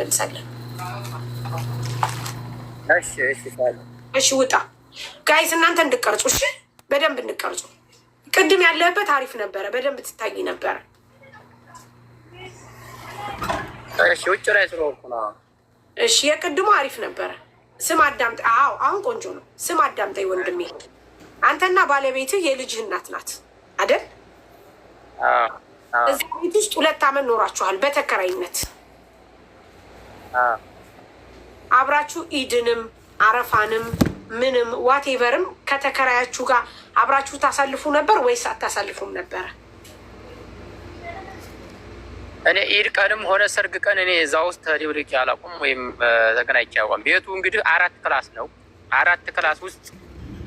መልሳለን። እሺ ውጣ ጋይስ፣ እናንተ እንድቀርጹ እሺ፣ በደንብ እንድቀርጹ። ቅድም ያለህበት አሪፍ ነበረ፣ በደንብ ትታይ ነበረ። ውጭ ላይ ስለሆንኩ ነው። እሺ፣ የቅድሙ አሪፍ ነበረ። ስም አዳምጠ። አዎ፣ አሁን ቆንጆ ነው። ስም አዳምጠኝ ወንድሜ፣ አንተና ባለቤትህ የልጅህ እናት ናት አደል? እዚህ ቤት ውስጥ ሁለት አመት ኖራችኋል በተከራይነት አብራችሁ ኢድንም አረፋንም ምንም ዋቴቨርም ከተከራያችሁ ጋር አብራችሁ ታሳልፉ ነበር ወይስ አታሳልፉም ነበረ? እኔ ኢድ ቀንም ሆነ ሰርግ ቀን እኔ እዛ ውስጥ ተደብልቄ አላውቅም ወይም ተገናኝቼ አያውቅም። ቤቱ እንግዲህ አራት ክላስ ነው። አራት ክላስ ውስጥ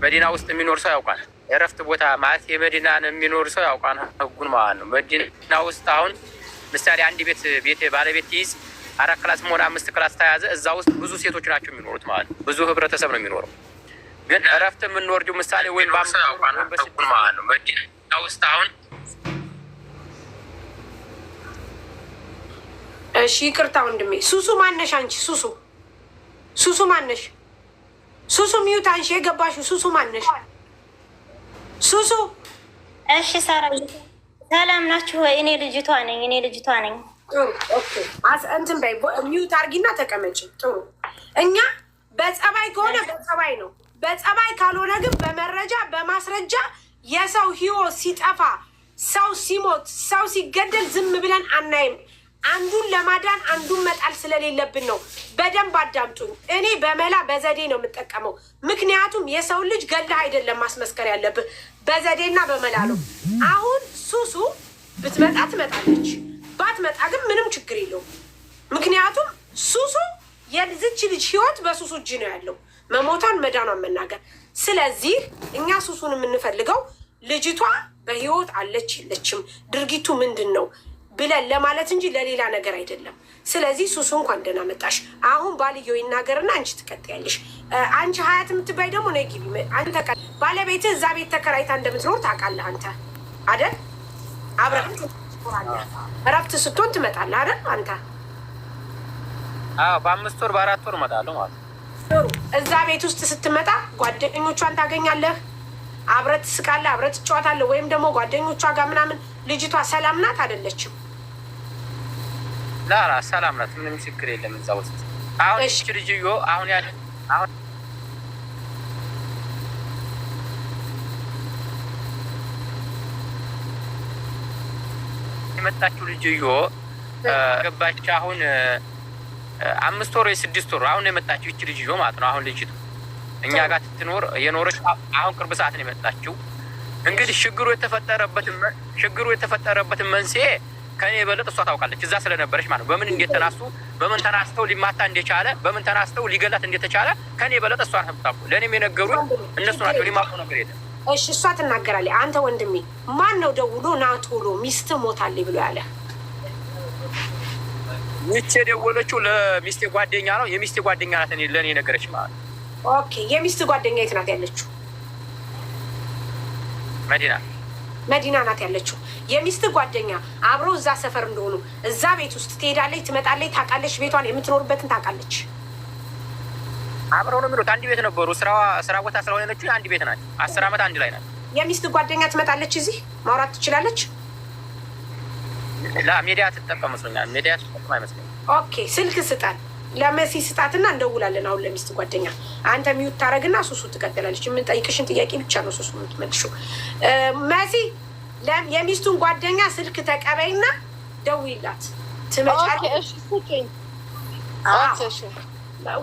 መዲና ውስጥ የሚኖር ሰው ያውቃል። የእረፍት ቦታ ማለት የመዲናን የሚኖር ሰው ያውቃል ህጉን ማለት ነው። መዲና ውስጥ አሁን ምሳሌ አንድ ቤት ቤት ባለቤት ይዝ አራት ክላስ መሆን አምስት ክላስ ተያዘ። እዛ ውስጥ ብዙ ሴቶች ናቸው የሚኖሩት ማለት ነው። ብዙ ህብረተሰብ ነው የሚኖረው። ግን እረፍት የምንወርደው ምሳሌ ወይም ውስጥ አሁን እሺ፣ ይቅርታ ወንድሜ። ሱሱ ማነሽ አንቺ? ሱሱ ሱሱ ማነሽ? ሱሱ ሚዩት አንቺ የገባሽ ሱሱ ማነሽ? ሱሱ እሺ። ሰላም ናችሁ ወይ? እኔ ልጅቷ ነኝ። እኔ ልጅቷ ነኝ። ጥሩ እንትን በይ ሚዩት አድርጊና ተቀመጭ። ጥሩ እኛ በጸባይ ከሆነ በጸባይ ነው። በጸባይ ካልሆነ ግን በመረጃ በማስረጃ የሰው ህይወት ሲጠፋ፣ ሰው ሲሞት፣ ሰው ሲገደል ዝም ብለን አናይም። አንዱን ለማዳን አንዱን መጣል ስለሌለብን ነው። በደንብ አዳምጡኝ። እኔ በመላ በዘዴ ነው የምጠቀመው። ምክንያቱም የሰው ልጅ ገድለህ አይደለም ማስመስከር ያለብህ፣ በዘዴና በመላ ነው። አሁን ሱሱ ብትመጣ ትመጣለች ባትመጣ ግን ምንም ችግር የለውም። ምክንያቱም ሱሱ የዚች ልጅ ህይወት በሱሱ እጅ ነው ያለው፣ መሞቷን መዳኗን መናገር። ስለዚህ እኛ ሱሱን የምንፈልገው ልጅቷ በህይወት አለች የለችም፣ ድርጊቱ ምንድን ነው ብለን ለማለት እንጂ ለሌላ ነገር አይደለም። ስለዚህ ሱሱ እንኳን ደህና መጣሽ። አሁን ባልየው ይናገርና አንቺ ትቀጥያለሽ። አንቺ ሀያት የምትባይ ደግሞ ነ ግቢ። አንተ እዛ ቤት ተከራይታ እንደምትኖር ታውቃለህ አንተ አይደል አብረን እረፍት ስትሆን ትመጣለህ አይደል? አንተ አዎ፣ በአምስት ወር በአራት ወር እመጣለሁ ማለት ነው። እዛ ቤት ውስጥ ስትመጣ ጓደኞቿን ታገኛለህ፣ አብረህ ትስቃለህ፣ አብረህ ትጫወታለህ። ወይም ደግሞ ጓደኞቿ ጋር ምናምን ልጅቷ ሰላም ናት አይደለችም? ላላ ሰላም ናት፣ ምንም ችግር የለም እዛ ውስጥ አሁን ልጅዮ አሁን ያለ አሁን የመጣችው ልጅዮ ገባች። አሁን አምስት ወር ስድስት ወር አሁን የመጣችው ይቺ ልጅዮ ማለት ነው። አሁን ልጅቱ እኛ ጋር ትኖር የኖረች አሁን ቅርብ ሰዓት ነው የመጣችው። እንግዲህ ችግሩ የተፈጠረበትን ችግሩ የተፈጠረበትን መንስኤ ከእኔ የበለጥ እሷ ታውቃለች። እዛ ስለነበረች ማለት ነው። በምን እንደተናሱ በምን ተናስተው ሊማታ እንደቻለ በምን ተናስተው ሊገላት እንደተቻለ ከእኔ የበለጥ እሷ ታውቃለች። ለእኔም የነገሩ እነሱ ናቸው። ሊማቁ ነገር የለም እሺ እሷ ትናገራለች። አንተ ወንድሜ ማን ነው ደውሎ ና ቶሎ ሚስት ሞታለች ብሎ ያለ? ይቺ የደወለችው ለሚስቴ ጓደኛ ነው። የሚስቴ ጓደኛ ናት ለእኔ የነገረች ማለት ኦኬ የሚስት ጓደኛ የት ናት ያለችው? መዲና መዲና ናት ያለችው። የሚስት ጓደኛ አብረው እዛ ሰፈር እንደሆኑ እዛ ቤት ውስጥ ትሄዳለች፣ ትመጣለች፣ ታውቃለች። ቤቷን የምትኖርበትን ታውቃለች። አብረው ነው የሚሉት። አንድ ቤት ነበሩ። ስራ ቦታ ስለሆነች አንድ ቤት ናት። አስር አመት አንድ ላይ ናት። የሚስት ጓደኛ ትመጣለች፣ እዚህ ማውራት ትችላለች። ላ ሜዲያ ትጠቀም መስሎኛል። ሜዲያ ትጠቀም አይመስለኝም። ኦኬ፣ ስልክ ስጣል ለመሲ ስጣትና እንደውላለን። አሁን ለሚስት ጓደኛ አንተ ሚዩት ታደርግና ሱሱ ትቀጥላለች። የምንጠይቅሽን ጥያቄ ብቻ ነው ሱሱ የምትመልሺው። መሲ የሚስቱን ጓደኛ ስልክ ተቀበይና ደውይላት። ትመጫለሽ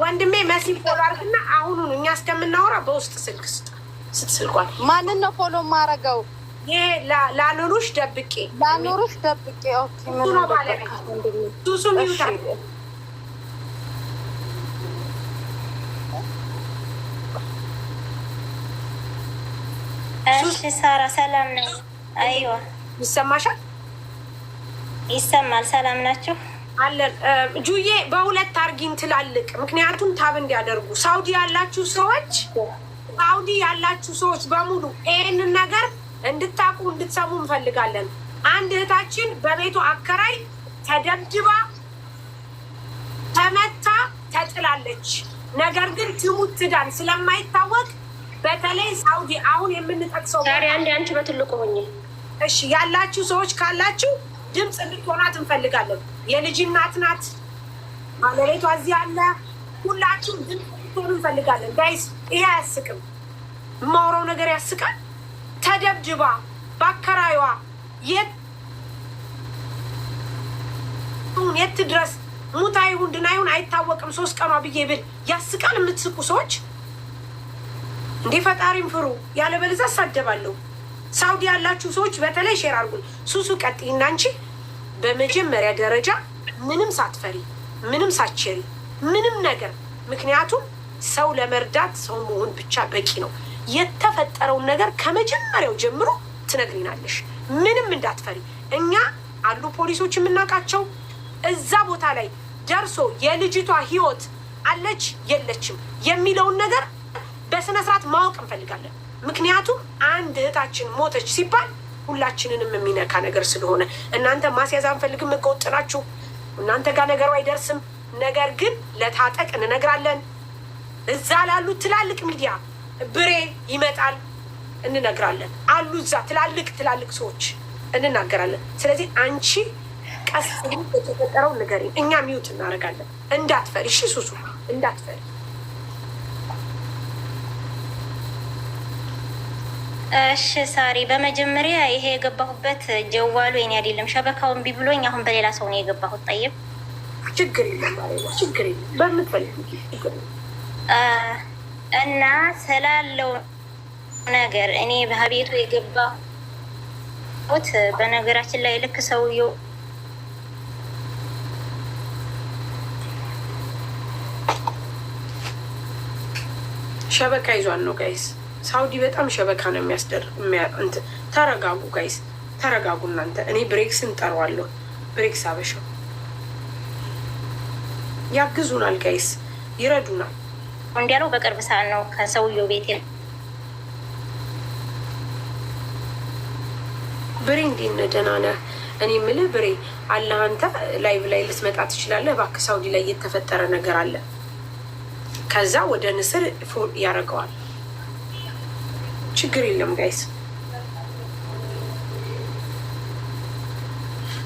ወንድሜ መሲ ፎሎ አድርግና አሁኑን እኛ እስከምናወራ በውስጥ ስልክ ስትስልኳል ማንን ነው ፎሎ ማረገው? ይሄ ላኖሩሽ ደብቄ ላኖሩሽ ደብቄ ሱሱም ይውታል እሺ ሳራ ሰላም ነው? አይዋ ይሰማሻል? ይሰማል። ሰላም ናችሁ? አለን ጁዬ በሁለት አርጊን ትላልቅ ምክንያቱም ታብ እንዲያደርጉ ሳውዲ ያላችሁ ሰዎች ሳውዲ ያላችሁ ሰዎች በሙሉ ይህንን ነገር እንድታቁ እንድትሰሙ እንፈልጋለን። አንድ እህታችን በቤቱ አከራይ ተደብድባ ተመታ ተጥላለች። ነገር ግን ትሙት ትዳን ስለማይታወቅ በተለይ ሳውዲ አሁን የምንጠቅሰው ዛሬ አንድ አንቺ በትልቁ ሆኜ እሺ ያላችሁ ሰዎች ካላችሁ ድምፅ እንድትሆናት እንፈልጋለን። የልጅ እናት ናት። ባለቤቷ እዚህ አለ። ሁላችሁ ድምፅ እንፈልጋለን። ጋይስ ይሄ አያስቅም። የማውራው ነገር ያስቃል። ተደብድባ በአከራዩዋ የት የት ድረስ ሙታ ይሁን ድና ይሁን አይታወቅም። ሶስት ቀኗ ብዬ ብል ያስቃል። የምትስቁ ሰዎች እንዴ ፈጣሪም ፍሩ፣ ያለበለዚያ እሳደባለሁ። ሳውዲ ያላችሁ ሰዎች በተለይ ሼር አድርጉን። ሱሱ ቀጥይና እንቺ። በመጀመሪያ ደረጃ ምንም ሳትፈሪ፣ ምንም ሳትቸሪ፣ ምንም ነገር ምክንያቱም ሰው ለመርዳት ሰው መሆን ብቻ በቂ ነው። የተፈጠረውን ነገር ከመጀመሪያው ጀምሮ ትነግሪናለሽ። ምንም እንዳትፈሪ። እኛ አሉ ፖሊሶች የምናውቃቸው እዛ ቦታ ላይ ደርሶ የልጅቷ ሕይወት አለች የለችም የሚለውን ነገር በስነ ስርዓት ማወቅ እንፈልጋለን። ምክንያቱም አንድ እህታችን ሞተች ሲባል ሁላችንንም የሚነካ ነገር ስለሆነ እናንተ ማስያዝ አንፈልግም። ቆጥናችሁ እናንተ ጋር ነገሩ አይደርስም። ነገር ግን ለታጠቅ እንነግራለን። እዛ ላሉት ትላልቅ ሚዲያ ብሬ ይመጣል እንነግራለን። አሉ እዛ ትላልቅ ትላልቅ ሰዎች እንናገራለን። ስለዚህ አንቺ ቀስ የተፈጠረው ንገሪን፣ እኛ ሚዩት እናደርጋለን። እንዳትፈሪ እሺ፣ ሱሱ እንዳትፈሪ እሺ ሳሪ፣ በመጀመሪያ ይሄ የገባሁበት ጀዋሉ የኔ አይደለም። ሸበካውን እምቢ ብሎኝ አሁን በሌላ ሰው ነው የገባሁት። ጠይም ችግር ችግር እና ስላለው ነገር እኔ በቤቱ የገባሁት በነገራችን ላይ ልክ ሰውየው ሸበካ ይዟል ነው ጋይስ ሳውዲ በጣም ሸበካ ነው የሚያስደርግ። ተረጋጉ ጋይስ፣ ተረጋጉ እናንተ። እኔ ብሬክስን ጠሯዋለሁ። ብሬክስ አበሻው ያግዙናል ጋይስ፣ ይረዱናል። እንዲያለው በቅርብ ሰዓት ነው ከሰውየው ቤት ብሬ እንዴት ነህ? ደህና ነህ? እኔ የምልህ ብሬ አለህ አንተ ላይቭ ላይ ልትመጣ ትችላለህ? እባክህ ሳውዲ ላይ የተፈጠረ ነገር አለ። ከዛ ወደ ንስር ፎን ያደርገዋል። ችግር የለም ጋይስ።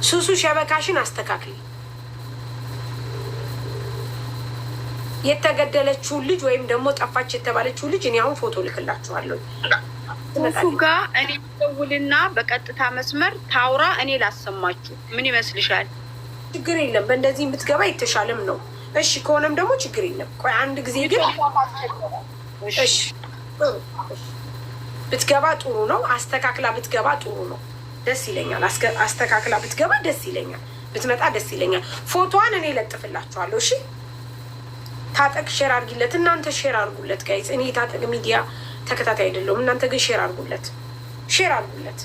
ሱሱ ሸበካሽን አስተካክል። የተገደለችውን ልጅ ወይም ደግሞ ጠፋች የተባለችውን ልጅ እኔ አሁን ፎቶ ልክላችኋለሁ። ሱሱ ጋ እኔ ደውልና በቀጥታ መስመር ታውራ፣ እኔ ላሰማችሁ። ምን ይመስልሻል? ችግር የለም በእንደዚህ የምትገባ የተሻለም ነው። እሺ ከሆነም ደግሞ ችግር የለም። ቆይ አንድ ጊዜ ግን እሺ ብትገባ ጥሩ ነው። አስተካክላ ብትገባ ጥሩ ነው። ደስ ይለኛል። አስተካክላ ብትገባ ደስ ይለኛል። ብትመጣ ደስ ይለኛል። ፎቶዋን እኔ ለጥፍላችኋለሁ። እሺ ታጠቅ ሼር አድርጊለት። እናንተ ሼር አድርጉለት ጋይዝ። እኔ የታጠቅ ሚዲያ ተከታታይ አይደለሁም። እናንተ ግን ሼር አድርጉለት፣ ሼር አድርጉለት።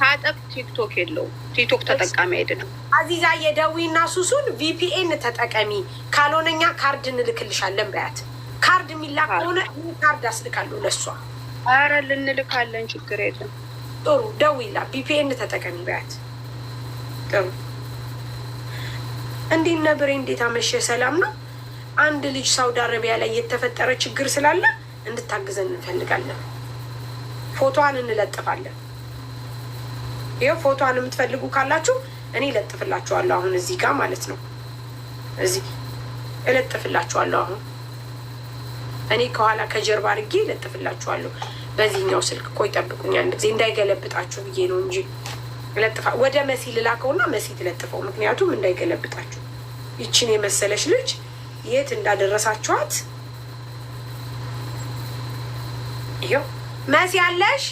ታጠቅ ቲክቶክ የለውም፣ ቲክቶክ ተጠቃሚ አይደለም። አዚዛ የደዊ እና ሱሱን ቪፒኤን ተጠቀሚ፣ ካልሆነኛ ካርድ እንልክልሻለን በያት ካርድ የሚላክ ከሆነ ካርድ አስልካለሁ ለእሷ። አረ ልንልካለን፣ ችግር የለም። ጥሩ ደውላ ቪፒኤን ተጠቀሚ በያት። ጥሩ እንዴት ነብሬ፣ እንዴት አመሸ፣ ሰላም ነው። አንድ ልጅ ሳውዲ አረቢያ ላይ የተፈጠረ ችግር ስላለ እንድታግዘን እንፈልጋለን። ፎቶዋን እንለጥፋለን። ይኸው ፎቶዋን የምትፈልጉ ካላችሁ እኔ እለጥፍላችኋለሁ። አሁን እዚህ ጋር ማለት ነው፣ እዚህ እለጥፍላችኋለሁ አሁን እኔ ከኋላ ከጀርባ አድርጌ ለጥፍላችኋለሁ በዚህኛው ስልክ። ቆይ ጠብቁኝ አንድ ጊዜ እንዳይገለብጣችሁ ብዬ ነው እንጂ ለጥፋ ወደ መሲ ልላከውና መሲ ትለጥፈው። ምክንያቱም እንዳይገለብጣችሁ ይችን የመሰለች ልጅ የት እንዳደረሳችኋት ይኸው መሲ አለሽ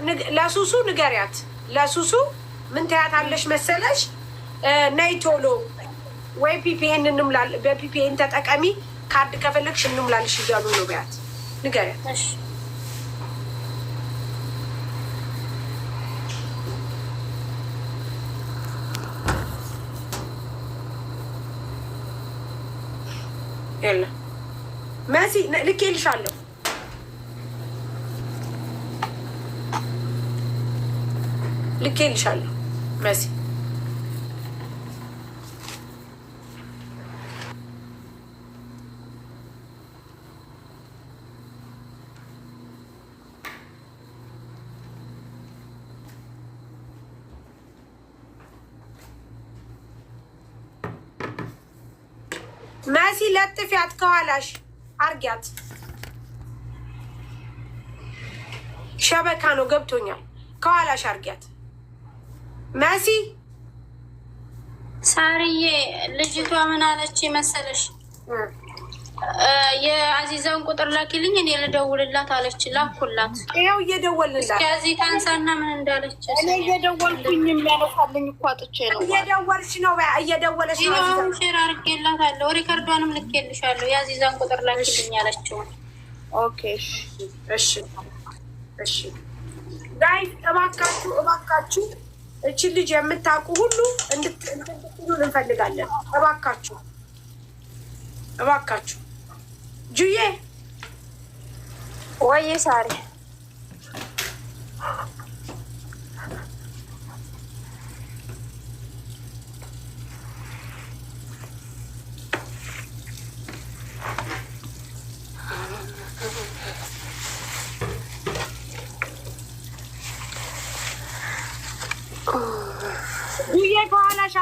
እንዴት ለሱሱ ንገሪያት። ለሱሱ ምን ትያታለሽ መሰለሽ? ነይ ቶሎ ወይ ፒፒኤን እንምላል፣ በፒፒኤን ተጠቀሚ ካርድ ከፈለግሽ እንምላልሽ እያሉ ነው ቢያት፣ ንገሪያት። መሲ ልኬልሻለሁ ልኬልሻለሁ መሲ መሲ ለጥፊያት፣ ከኋላሽ አርጊያት። ሸበካ ነው ገብቶኛል። ከኋላሽ አርጊያት። መሲ ሳርዬ ልጅቷ ምን አለች መሰለሽ? የአዚዛን ቁጥር ላኪልኝ እኔ ልደውልላት አለች። ላኩላት። ይኸው እየደወልላት ከዚህ ታንሳና ምን እንዳለች እኔ እየደወልኩኝ የሚያነሳልኝ እኮ አጥቼ ነው። እየደወልሽ ነው እየደወለሽ ነው። ይኸው ሼር አድርጌላታለሁ። ሪከርዷንም ልኬልሻለሁ። የአዚዛን ቁጥር ላኪልኝ አለችውን። ኦኬ እሺ፣ እሺ፣ እሺ። ጋይ እባካችሁ፣ እባካችሁ እቺ ልጅ የምታውቁ ሁሉ እንድትሉ እንፈልጋለን። እባካችሁ እባካችሁ። ጁዬ ወይ ሳሬ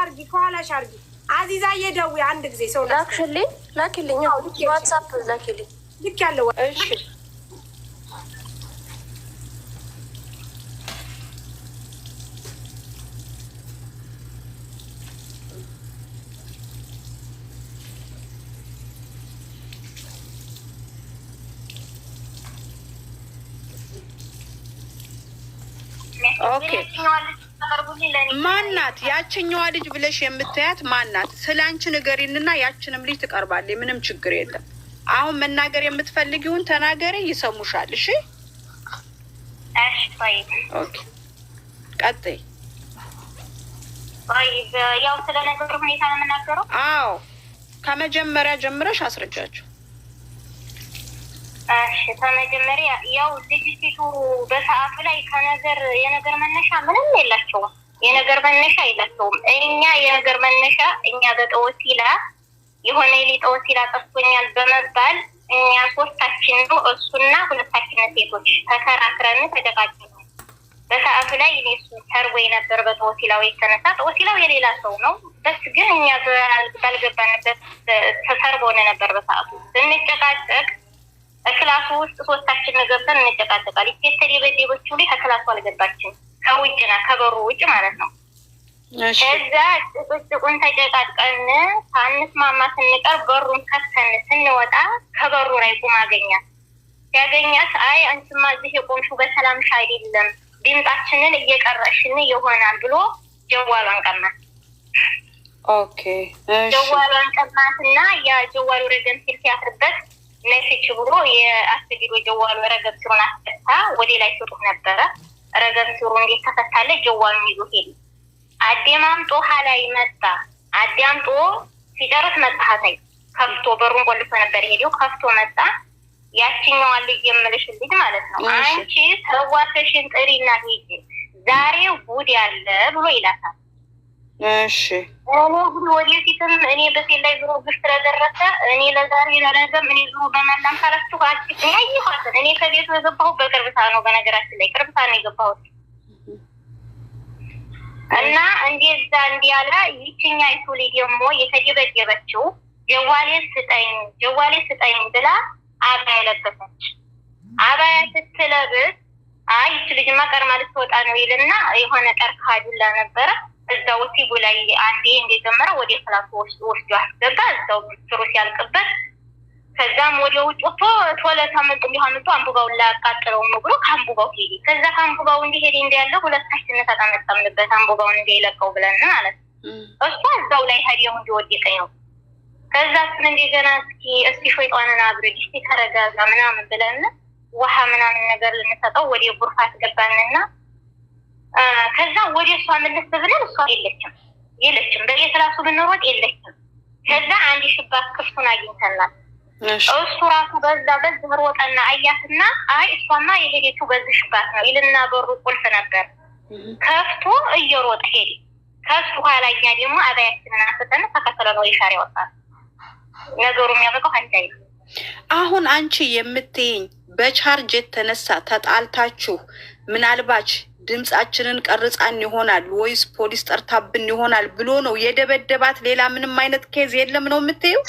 አርጊ፣ ከኋላሽ አርጊ። አዚዛ ደውይ አንድ ጊዜ ሰው ላክሽልኝ፣ ላክልኝ፣ ዋትሳፕ ላክልኝ። ልክ ያለው እሺ ኦኬ ማናት ያችኛዋ ልጅ ብለሽ የምታያት ማናት? ስለ አንቺ ንገሪንና ያችንም ልጅ ትቀርባለች። ምንም ችግር የለም። አሁን መናገር የምትፈልጊውን ተናገሪ፣ ይሰሙሻል። እሺ ቀጥይ። ያው ስለ ነገሩ ሁኔታ ነው የምናገረው። አዎ ከመጀመሪያ ጀምረሽ አስረጃቸው። ከመጀመሪያ ያው ልጅቱ በሰዓቱ ላይ ከነገር የነገር መነሻ ምንም የላቸውም የነገር መነሻ የላቸውም። እኛ የነገር መነሻ እኛ በጠወሲላ የሆነ የሌ ሊጠወሲላ ጠፍቶኛል በመባል እኛ ሶስታችን ነው እሱና ሁለታችን ሴቶች ተከራክረን ነው። በሰዓቱ ላይ እኔ እሱ ተርቦ የነበር በጠወሲላው የተነሳ ጠወሲላው የሌላ ሰው ነው። በስ ግን እኛ ባልገባንበት ተሰርቦን ነበር። በሰዓቱ ስንጨቃጨቅ ክላሱ ውስጥ ሶስታችን ገብተን እንጨቃጨቃል። ይፌተል በዴቦች ሁሌ ከክላሱ አልገባችን ከውጭ ና ከበሩ ውጭ ማለት ነው። ከዛ ጭቅጭቁን ተጨቃጭቀን ሳንስማማ ስንቀር በሩን ከፍተን ስንወጣ ከበሩ ላይ ቁም አገኛት። ያገኛት አይ አንቺማ እዚህ የቆምሽው በሰላምሽ አይደለም፣ ድምጣችንን እየቀረሽን ይሆናል ብሎ ጀዋሏን ቀማት። ኦኬ ጀዋሏን ቀማትና ያ ጀዋሉ ረገም ሲል ሲያፍርበት ነፊች ብሎ የአስቢሮ ጀዋሉ ረገብ ሲሆን አስከታ ወደ ላይ ስጡት ነበረ ረገምሲሩ እንዴት ተፈታለ? ጀዋኑ ይዞ ሄዱ። አምጦ ሀላይ መጣ። አዴ አምጦ ሲጨርስ መጣ ሀሳይ ከፍቶ በሩን ቆልፎ ነበር ሄደው ከፍቶ መጣ። ያችኛዋ ልጅ የምልሽ ልጅ ማለት ነው አንቺ ሰዋተሽን ጥሪና ሂጅ ዛሬ ጉድ ያለ ብሎ ይላታል። እሺ እኔ ግን ወደፊትም እኔ በሴ ላይ ዙሮ ግፍ ስለደረሰ እኔ ለዛሬ ለረዘም እኔ ዙሮ በመላም ካላችሁ አችግኝ አይኋትን እኔ ከቤቱ የገባሁት በቅርብታ ነው። በነገራችን ላይ ቅርብታ ነው የገባሁት እና እንደዛ ያለ ይችኛ ይሱሊ ደግሞ የተደበደበችው ጀዋሌ ስጠኝ ጀዋሌ ስጠኝ ብላ አባ የለበሰች አባ ስትለብስ አይ ይች ልጅማ ቀርማ ልትወጣ ነው ይልና የሆነ ቀርካዱላ ነበረ እዛ ሲቡ ላይ አንዴ እንደጀመረ ወደ ክላሱ ወስዶ አስገባ። እዛው ስሩ ሲያልቅበት ከዛም ወደ ውጭ ወጥቶ ቶለ ሳምንት እንዲሆን ቶ አንቡጋውን ላያቃጥለው ምግሮ ከአንቡጋው ሄደ። ከዛ ከአንቡጋው እንዲሄድ እንዳለ ሁለታችን ተጠመጠምንበት አንቡጋውን እንዳይለቀው ብለን ማለት ነው። እሱ እዛው ላይ ሄደው እንዲወደቀ ነው። ከዛ ስን እንደገና እስኪ እስኪ ሸይጣንን አብርድ እስኪ ተረጋጋ ምናምን ብለን ውሃ ምናምን ነገር ልንሰጠው ወደ ጉርፋት ገባንና ከዛ ወደ እሷ መለስ ብለን እሷ የለችም የለችም በቤት ራሱ ብንሮጥ የለችም። ከዛ አንድ ሽባት ክፍቱን አግኝተናል። እሱ ራሱ በዛ በዚህ ሮጠና አያትና አይ እሷማ የሄደችው በዚህ ሽባት ነው ይልና በሩ ቁልፍ ነበር ከፍቶ እየሮጠ ሄደ። ከሱ ኋላ እኛ ደግሞ አባያችንን አንስተን ተከተለ ነው የሻር ይወጣል። ነገሩ የሚያበቀው አንዳይ አሁን አንቺ የምትይኝ በቻርጅ የተነሳ ተጣልታችሁ ምናልባች ድምፃችንን ቀርጻን ይሆናል ወይስ ፖሊስ ጠርታብን ይሆናል ብሎ ነው የደበደባት። ሌላ ምንም አይነት ኬዝ የለም ነው የምትይው?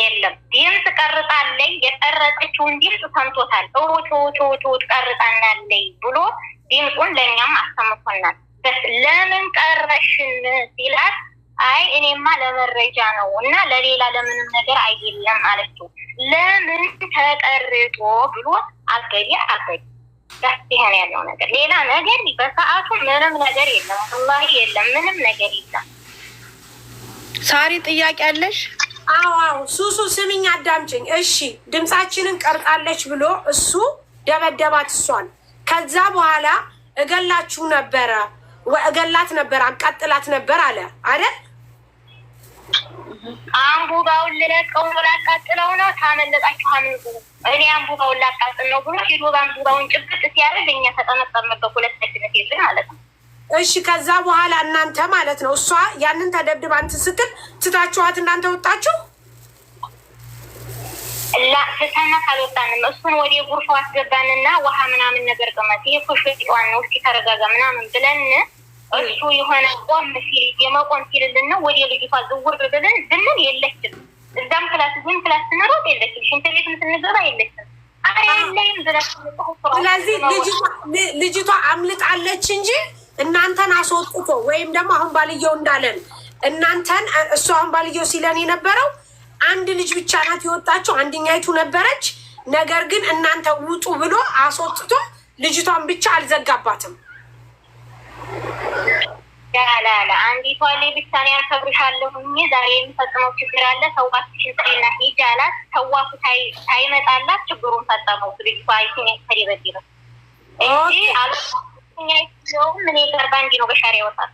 የለም ድምፅ ቀርጻለኝ የቀረጸችውን ድምፅ ሰምቶታል። እውጭ ውጭ ቀርጻናለኝ ብሎ ድምፁን ለእኛም አሰምቶናል። ለምን ቀረሽን ሲላት አይ እኔማ ለመረጃ ነው እና ለሌላ ለምንም ነገር አይደለም አለችው። ለምን ተቀርጦ ብሎ አልገዲ አልገዲ መፍትሄ ነው ያለው ነገር። ሌላ ነገር በሰዓቱ ምንም ነገር የለም፣ ወላሂ የለም፣ ምንም ነገር የለም። ሳሪ ጥያቄ አለሽ? አዎ ሱሱ ስሚኝ፣ አዳምጪኝ እሺ። ድምፃችንን ቀርጣለች ብሎ እሱ ደበደባት እሷን። ከዛ በኋላ እገላችሁ ነበረ እገላት ነበር አቃጥላት ነበር አለ አይደል አንቡጋውን ልለቀው ነው ላቃጥለው ነው ታመለጣችሁ አምልጡ እኔ አንቡጋውን ላቃጥል ነው ብሎ ሂዶ በአንቡባውን ጭብጥ ሲያደርግ እኛ ተጠመጠመበት ሁለት ደግነት የለን ማለት ነው። እሺ ከዛ በኋላ እናንተ ማለት ነው እሷ ያንን ተደብድባ እንትን ስትል ትታችኋት እናንተ ወጣችሁ? ላ ትተናት ካልወጣንም እሱን ወደ ጉርፎ አስገባንና ውሃ ምናምን ነገር ቅመት ይህ ኮሽ ዋና ውስጥ ተረጋጋ ምናምን ብለን እሱ የሆነ ቆም ሲል የመቆም ሲልልና ወደ ልጅቷ ዝውር ብለን ብንል የለችም። እዛም ክላስ ዝም ክላስ ስንሮጥ የለችም። ሽንት ቤት ስንገባ የለችም። ስለዚህ ልጅቷ አምልጣለች እንጂ እናንተን አስወጥቶ ወይም ደግሞ አሁን ባልየው እንዳለን እናንተን እሱ አሁን ባልየው ሲለን የነበረው አንድ ልጅ ብቻ ናት የወጣችው፣ አንድኛይቱ ነበረች። ነገር ግን እናንተ ውጡ ብሎ አስወጥቶ ልጅቷን ብቻ አልዘጋባትም። ያለ አለ አንዲቷ ላይ ብቻ ነው ያከብርሻለሁ እኔ ዛሬ የምፈጽመው ችግር አለ ሰዋትሽን ጥሪና ሂጅ አላት። ሰዋቱ ሳይመጣላት ችግሩን ፈጸመው ልጅቷ ይሲኔክተር ይበድ ነው እንጂ አሉኛውም እኔ ገርባ እንዲ ነው በሻሪ ይወጣል።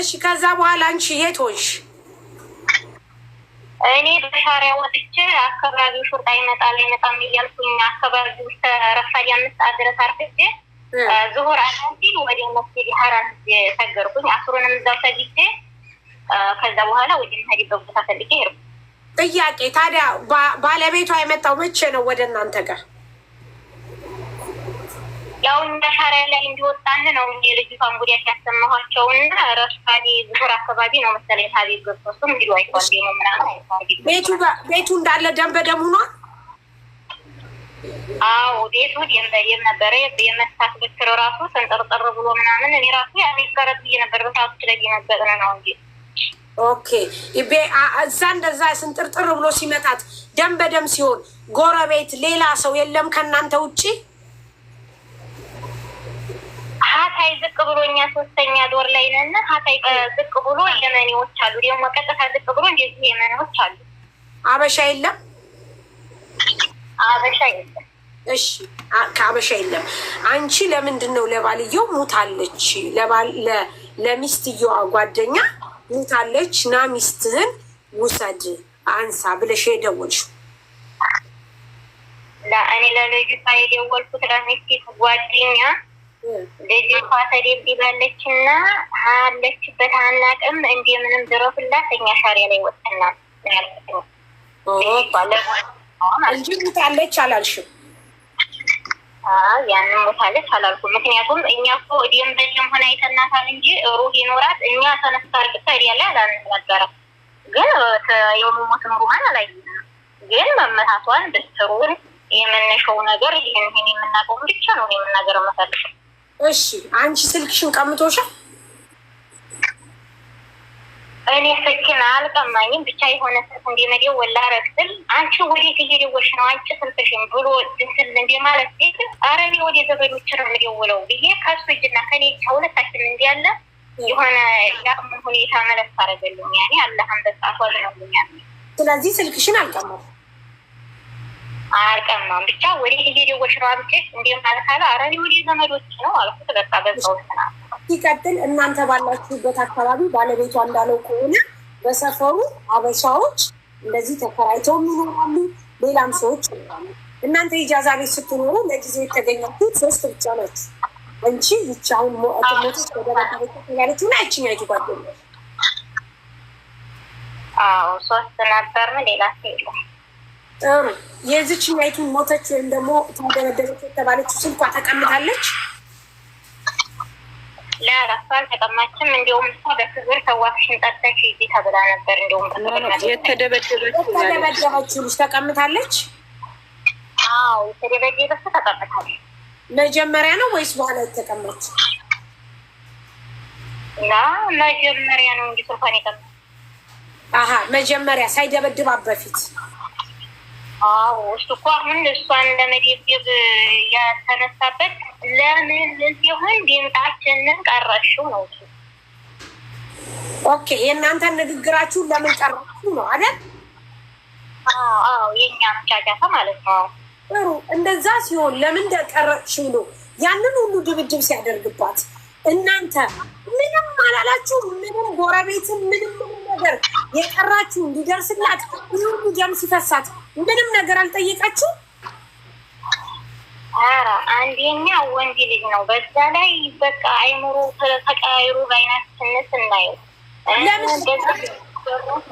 እሺ ከዛ በኋላ አንቺ የት ሆንሽ? እኔ በሻሪያ ወጥቼ አካባቢው ሹርጣ ይመጣል አይመጣም እያልኩኝ አካባቢው ተረፋድ አምስት አድረስ አርፍቼ ዙሁር አዛንሲል ወደ መስጊድ ሀራም ሰገርኩኝ። አስሩንም እዛው ሰግጄ ከዛ በኋላ ወደ ምሄድበት ቦታ ፈልጌ ሄድኩ። ጥያቄ ታዲያ ባለቤቷ የመጣው መቼ ነው ወደ እናንተ ጋር? ያው እኛ ሻሪያ ላይ እንዲወጣን ነው እንዲ ልጅቷን ጉዳት ያሰማኋቸው እና ረሱካዴ ዙሁር አካባቢ ነው መሰለኝ ታቤ ገብቶ እሱም እንዲ ዋይቷ ምናምን ቤቱ እንዳለ ደንበ ደም ሆኗል። አዎ ቤቱን የነበረ የመስታት የመሳት ብትር ራሱ ተንጠርጠር ብሎ ምናምን እኔ ራሱ ያኔ ቀረጥ ብዬ ነበር በሰዓቱ ላይ የነበረ ነው እንጂ ኦኬ ቤ እዛ እንደዛ ስንጥርጥር ብሎ ሲመጣት ደም በደም ሲሆን ጎረቤት ሌላ ሰው የለም ከእናንተ ውጭ ሀታይ ዝቅ ብሎ እኛ ሶስተኛ ዶር ላይ ነን። ሀታይ ዝቅ ብሎ የመኔዎች አሉ ደግሞ ቀጥታ ዝቅ ብሎ እንደዚህ የመኔዎች አሉ። አበሻ የለም አበሻ የለም። እሺ ከአበሻ የለም። አንቺ ለምንድን ነው ለባልየው ሙታለች? ለሚስትየዋ ጓደኛ ሙታለች፣ ና ሚስትህን ውሰድ አንሳ ብለሽ የደወልሽው? እኔ ለልጅቷ የደወልኩት ለሚስት ጓደኛ ልጅቷ ተደብድባለች እና አለችበት አናውቅም፣ እንደምንም ድረሱላት እኛ ሻሪያ ላይ ወጥተናል ያልኩት እንጂ ሙታለች አላልሽም። ያንን ሞታለች አላልኩም። ምክንያቱም እኛ እኮ ሆነ አይተናታል እንጂ ሩህ ይኖራት እኛ ተነስታል ያለ ግን ግን መመታቷን ብትሩን የመነሻው ነገር ይህን የምናውቀውን ብቻ ነው የምናገር መፈልግ። እሺ አንቺ ስልክሽን ቀምቶሻል? እኔ ስልኬን አልቀማኝም። ብቻ የሆነ ስልክ እንደመደወል ላደርግ ስል አንቺ ወዴት እየደወልሽ ነው? አንቺ ስልክሽን ብሎ ድንስል እንደ ማለት ሴት አረቢ ወደ ዘመዶች ነው የምደውለው ብዬ ከሱ እጅና ከኔ እጅ ሁለታችን ያለ የሆነ የአቅሙን ሁኔታ መለስ አረገልኝ። ያኔ አላህን በጻፉ አዝነውልኛል። ስለዚህ ስልክሽን አልቀማም አልቀማም። ብቻ ወዴት እየደወልሽ ነው? አንቺ እንደ ማለት አለ። ኧረ ወደ ዘመዶች ነው አልኩት። በቃ በዛው ስናል ሲቀጥል እናንተ ባላችሁበት አካባቢ ባለቤቷ እንዳለው ከሆነ በሰፈሩ አበሻዎች እንደዚህ ተከራይተው ይኖራሉ። ሌላም ሰዎች እናንተ ኢጃዛ ቤት ስትኖሩ ለጊዜው የተገኛችሁት ሶስት ብቻ ናችሁ። እንቺ ይቻሁን ሞት ተደረገች ሆነ አይችኛ ጅ ሶስት ነበር። ሌላ የለም። ጥሩ የዚችኛይቱን ሞተች ወይም ደግሞ ተደረደረች የተባለችው ስልኳ ተቀምጣለች። ለአራሷ አልተቀማችም። እንዲሁም እሷ በክብር ጠርተሽ ተብላ ነበር። እንዲሁም የተደበደበችው ልጅ ተቀምታለች። አዎ ተቀምታለች። መጀመሪያ ነው ወይስ በኋላ የተቀመች? እና መጀመሪያ ነው የቀመ አሀ መጀመሪያ በፊት አዎ እሱ እኮ አሁን እሷን ለመደብደብ ያተነሳበት ለምን ሲሆን ድምጣችንን ቀረሽው ነው። ኦኬ ንግግራችሁን ለምን ቀረሽው ነው አይደል? አዎ የእኛ ማለት ነው። ጥሩ እንደዛ ሲሆን ለምን ያንን ሁሉ ድብድብ ሲያደርግባት እናንተ ምንም አላላችሁ። ምንም ጎረቤትም ምንም ምንም ነገር የቀራችሁ እንዲደርስላት ደም ሲፈሳት ምንም ነገር አልጠየቃችሁ ኧረ አንደኛ ወንድ ልጅ ነው። በዛ ላይ በቃ አይምሮ ተቀያይሮ ስንት ስናየው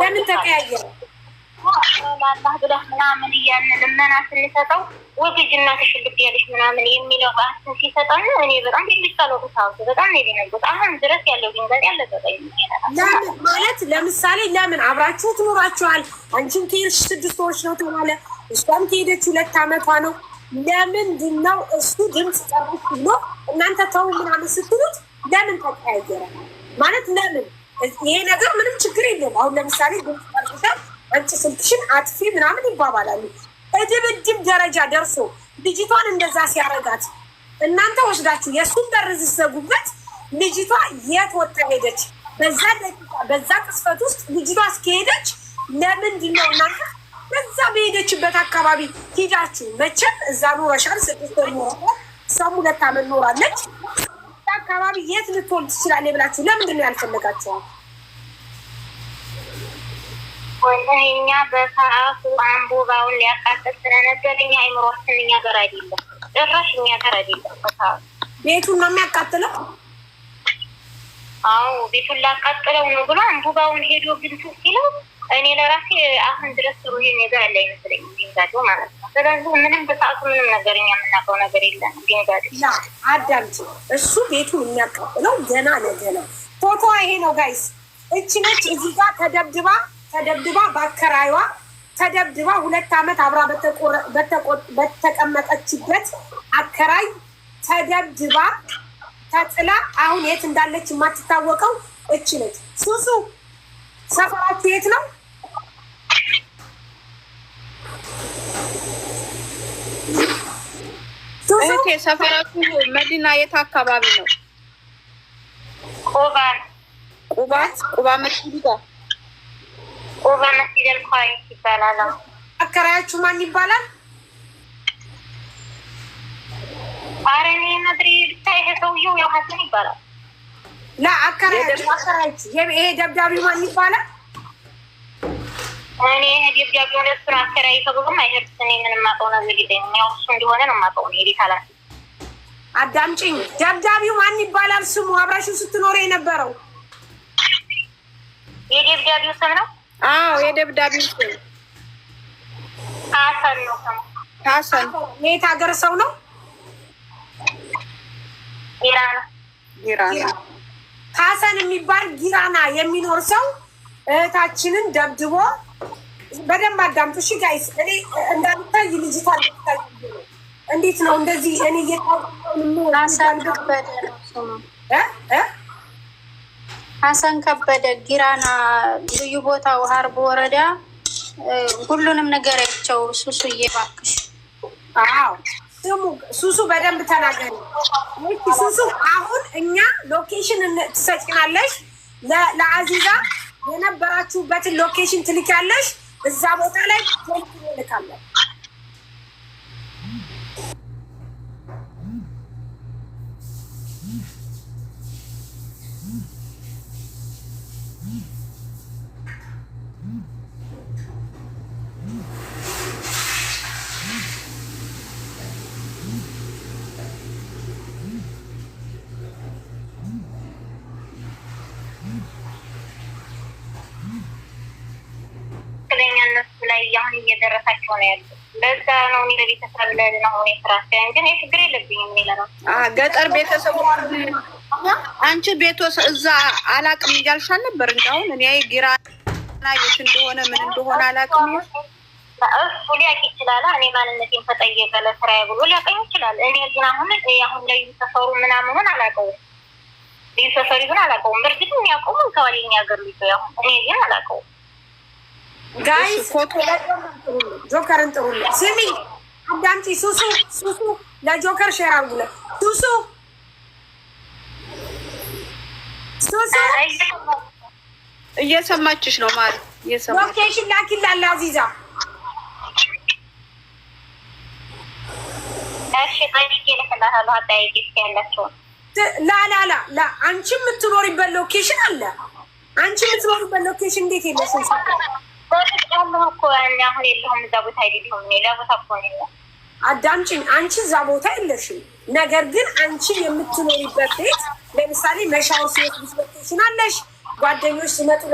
ለምን ተቀያየረ ላላህ ብለህ ምናምን እያን ልመና ስንሰጠው ወግጅና ትሽልብ ያለች ምናምን የሚለው ባህትን ሲሰጠን እኔ በጣም የሚቻለው ሳቱ በጣም የደነጉት አሁን ድረስ ያለው ግንዛቤ አለበጠኝ። ማለት ለምሳሌ ለምን አብራችሁ ትኖራችኋል? አንቺም ከሄድሽ ስድስት ወርሽ ነው ተባለ፣ እሷም ከሄደች ሁለት አመቷ ነው ለምንድን ነው እሱ ድምፅ ጠሩት ብሎ እናንተ ተው ምናምን ስትሉት ለምን ተቀያየረ? ማለት ለምን ይሄ ነገር ምንም ችግር የለም። አሁን ለምሳሌ ድምፅ ጨርሳ አንቺ ስልክሽን አጥፊ ምናምን ይባባላሉ። እድብድብ ደረጃ ደርሶ ልጅቷን እንደዛ ሲያረጋት እናንተ ወስዳችሁ የእሱን በር ስትዘጉበት ልጅቷ የት ወጥታ ሄደች? በዛ ደቂቃ በዛ ቅስፈት ውስጥ ልጅቷ እስከሄደች ለምንድን ነው እናንተ በዛ በሄደችበት አካባቢ ሂዳችሁ መቼም እዛ ኖረሻል። ስድስት ወር ኖረ እሷም ሁለት ዓመት ኖራለች። አካባቢ የት ልትወልድ ትችላለች ብላችሁ ለምንድን ነው ያልፈለጋችኋል? እኛ በሰዓቱ አንቡባውን ሊያቃጥል ስለነበር እኛ አይምሮችን እኛ ጋር አይደለም፣ ጭራሽ እኛ ጋር አይደለም። በሰዓቱ ቤቱን ነው የሚያቃጥለው። አዎ ቤቱን ላቃጥለው ነው ብሎ አንቡባውን ሄዶ ግንቱ ሲለው እኔ ለራሴ አሁን ድረስ ጥሩ ኔጋ ያለ አይመስለኝ ቢንጋዶ ማለት ነው። ስለዚህ ምንም በሰዓቱ ምንም ነገር እኛ የምናውቀው ነገር የለም። ቢንጋዶ አዳምጪ፣ እሱ ቤቱን የሚያቀብለው ገና ነገ ፎቶ ይሄ ነው ጋይስ። እቺ ነች እዚህ ጋር ተደብድባ ተደብድባ በአከራይዋ ተደብድባ ሁለት ዓመት አብራ በተቀመጠችበት አከራይ ተደብድባ ተጥላ አሁን የት እንዳለች የማትታወቀው እች ነች ሱሱ ሰፈራችሁ የት ነው? እህቴ ሰፈራችሁ መዲና የት አካባቢ ነው? ቁባ ቁባ ቁባ መስጊድ ጋር ቁባ መስጊድ አልኳይት ይባላል። አከራያችሁ ማን ይባላል? አረ እኔ መድሪ ብታይ ይሄ ያው ሀሰን ይባላል። ና ይሄ ደብዳቤ ማን ይባላል? እኔ ደብዳቤውን እሱ አከራይ ተብሎም አይደርስም። እኔ ምንም የማውቀው ነገር የለኝም። ያው እሱ እንደሆነ ነው የማውቀው። ቤት ኃላፊ አዳምጪኝ። ደብዳቤው ማን ይባላል? ስሙ አብራሽው ስትኖረ የነበረው የደብዳቤው ስም ነው? አዎ የደብዳቤው ስም ሀሰን ነው። ሀሰን የት ሀገር ሰው ነው? ኢራን ኢራን ሀሰን የሚባል ጊራና የሚኖር ሰው እህታችንን ደብድቦ በደንብ አዳምጡ። እሺ ጋይስ፣ እኔ እንዳልታይ ልጅቷ እንዴት ነው እንደዚህ እኔ ሀሰን ከበደ ጊራና ልዩ ቦታው ሀርብ ወረዳ ሁሉንም ነገር ያቸው ሱሱ እየባክሽ አዎ ስሙ ሱሱ በደንብ ተናገሪ ሱሱ። አሁን እኛ ሎኬሽን ትሰጭናለሽ ለአዚዛ የነበራችሁበትን ሎኬሽን ትልኪያለሽ። እዛ ቦታ ላይ ልካለን እየጨረሳቸው ነው ያሉ። ለዛ ነው እኔ ለቤተሰብ ለነው ስራ ግን የለብኝ የለብኝም ነው ገጠር ቤተሰቡ አንቺ ቤቶስ እዛ አላቅም እያልሻል አልነበር? እንዲሁን እኔ ጊራና የት እንደሆነ ምን እንደሆነ አላቅም። እሱ ሊያቅ ይችላል። እኔ ማንነቴን ተጠየቀ ለስራ ብሎ ሊያቀኝ ይችላል። እኔ ግን አሁን አሁን ላይ ሰፈሩ ምናምኑን አላውቀውም። ልዩ ሰፈሪ ግን አላውቀውም። በእርግጥ የሚያውቀው ከዋሌኛ ገር ልጅ አሁን እኔ ግን አላውቀውም። ጋይስ ጆከርን ጥሩ ስሚ፣ አዳምጪ። ሱሱ ሱሱ ለጆከር ሼር አድርጉለት። ሱሱ ሱሱ እየሰማችሽ ነው ማለት እየሰማች ሎኬሽን ላኪላለ አዚዛ ላላላ ላ አንቺ የምትኖሪበት ሎኬሽን አለ። አንቺ የምትኖሪበት ሎኬሽን እንዴት የለሽም? አዳምጪኝ አንቺ እዛ ቦታ የለሽም። ነገር ግን አንቺ የምትኖሪበት ቤት ለምሳሌ መሻወር ሲወስድ ጓደኞች ሲመጡ